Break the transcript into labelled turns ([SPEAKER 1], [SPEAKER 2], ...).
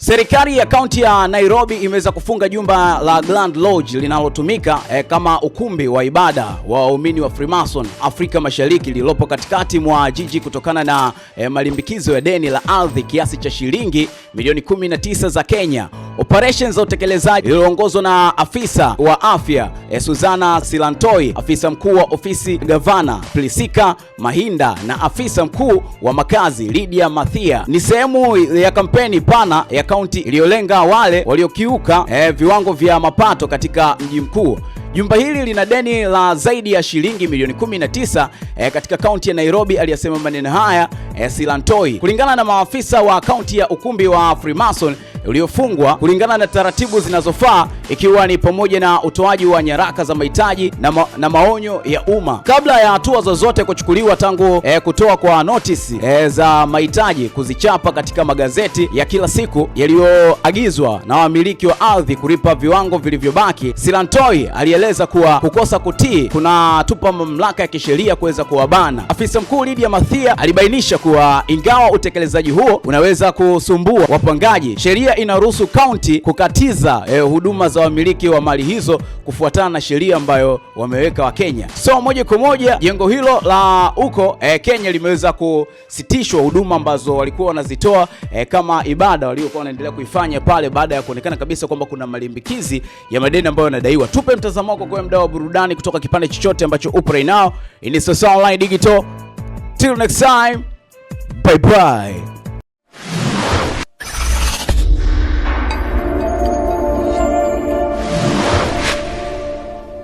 [SPEAKER 1] Serikali ya kaunti ya Nairobi imeweza kufunga jumba la Grand Lodge linalotumika eh, kama ukumbi wa ibada wa waumini wa Freemason Afrika Mashariki lililopo katikati mwa jiji kutokana na eh, malimbikizo ya deni la ardhi kiasi cha shilingi milioni 19 za Kenya. Operations za utekelezaji iliyoongozwa na afisa wa afya eh, Suzana Silantoi, afisa mkuu wa ofisi gavana plisika Mahinda na afisa mkuu wa makazi Lydia Mathia ni sehemu ya kampeni pana ya kaunti iliyolenga wale waliokiuka eh, viwango vya mapato katika mji mkuu. Jumba hili lina deni la zaidi ya shilingi milioni 19 eh, katika kaunti ya Nairobi. Aliyasema maneno haya eh, Silantoi kulingana na maafisa wa kaunti ya ukumbi wa Freemason uliofungwa kulingana na taratibu zinazofaa ikiwa ni pamoja na utoaji wa nyaraka za mahitaji na, ma na maonyo ya umma kabla ya hatua zozote kuchukuliwa tangu e, kutoa kwa notisi e, za mahitaji kuzichapa katika magazeti ya kila siku yaliyoagizwa na wamiliki wa ardhi kulipa viwango vilivyobaki. Silantoi alieleza kuwa kukosa kutii kunatupa mamlaka ya kisheria kuweza kuwabana. Afisa mkuu Lydia Mathia alibainisha kuwa ingawa utekelezaji huo unaweza kusumbua wapangaji, sheria Sheria inaruhusu kaunti kukatiza eh, huduma za wamiliki wa mali hizo kufuatana na sheria ambayo wameweka wa kenya So moja kwa moja jengo hilo la huko eh, Kenya limeweza kusitishwa huduma ambazo walikuwa wanazitoa eh, kama ibada waliokuwa wanaendelea kuifanya pale, baada ya kuonekana kabisa kwamba kuna malimbikizi ya madeni ambayo yanadaiwa. Tupe mtazamo wako kwa mdau wa burudani kutoka kipande chochote ambacho upo right now. It online digital. Till next time. Bye bye.